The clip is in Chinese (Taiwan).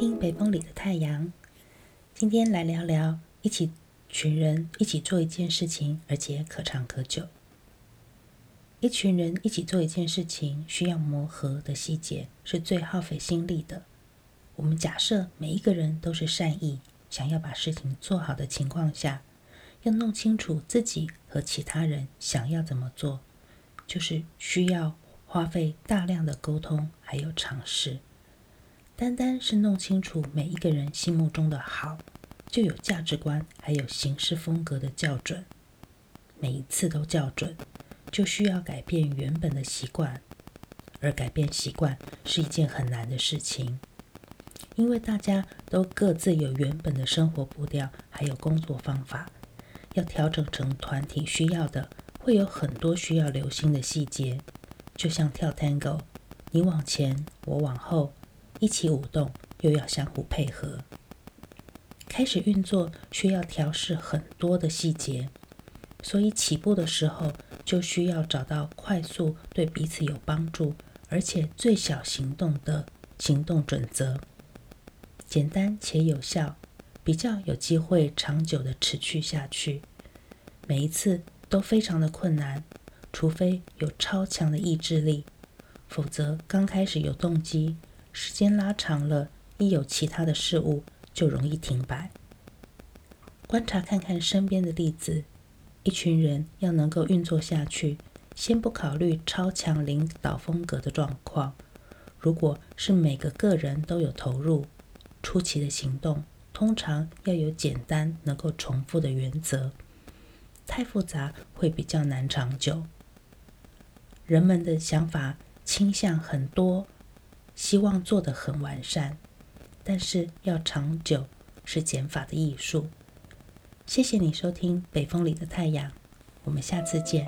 聽北風裡的太陽，今天來聊聊一起群人一起做一件事情，而且可長可久。一群人一起做一件事情，需要磨合的細節是最耗費心力的。我們假設每一個人都是善意，想要把事情做好的情況下，要弄清楚自己和其他人想要怎麼做，就是需要花費大量的溝通還有嘗試。單單是弄清楚每一個人心目中的好，就有價值觀，還有行事風格的校準。每一次都校準，就需要改變原本的習慣，而改變習慣是一件很難的事情，因為大家都各自有原本的生活步調，還有工作方法，要調整成團體需要的，會有很多需要留心的細節。就像跳 Tango，你往前，我往後。一起舞動，又要相互配合。開始運作需要調試很多的細節，所以起步的時候就需要找到快速對彼此有幫助，而且最小行動的行動準則，簡單且有效，比較有機會長久地持續下去。每一次都非常的困難，除非有超強的意志力，否則剛開始有動機。時間拉長了，一有其他的事物就容易停擺。觀察看看身邊的例子，一群人要能夠運作下去，先不考慮超強領導風格的狀況。如果是每個個人都有投入，出奇的行動，通常要有簡單能夠重複的原則。太複雜會比較難長久。人們的想法傾向很多。希望做的很完善，但是要長久是減法的藝術。謝謝你收聽《北風裡的太陽》，我們下次見。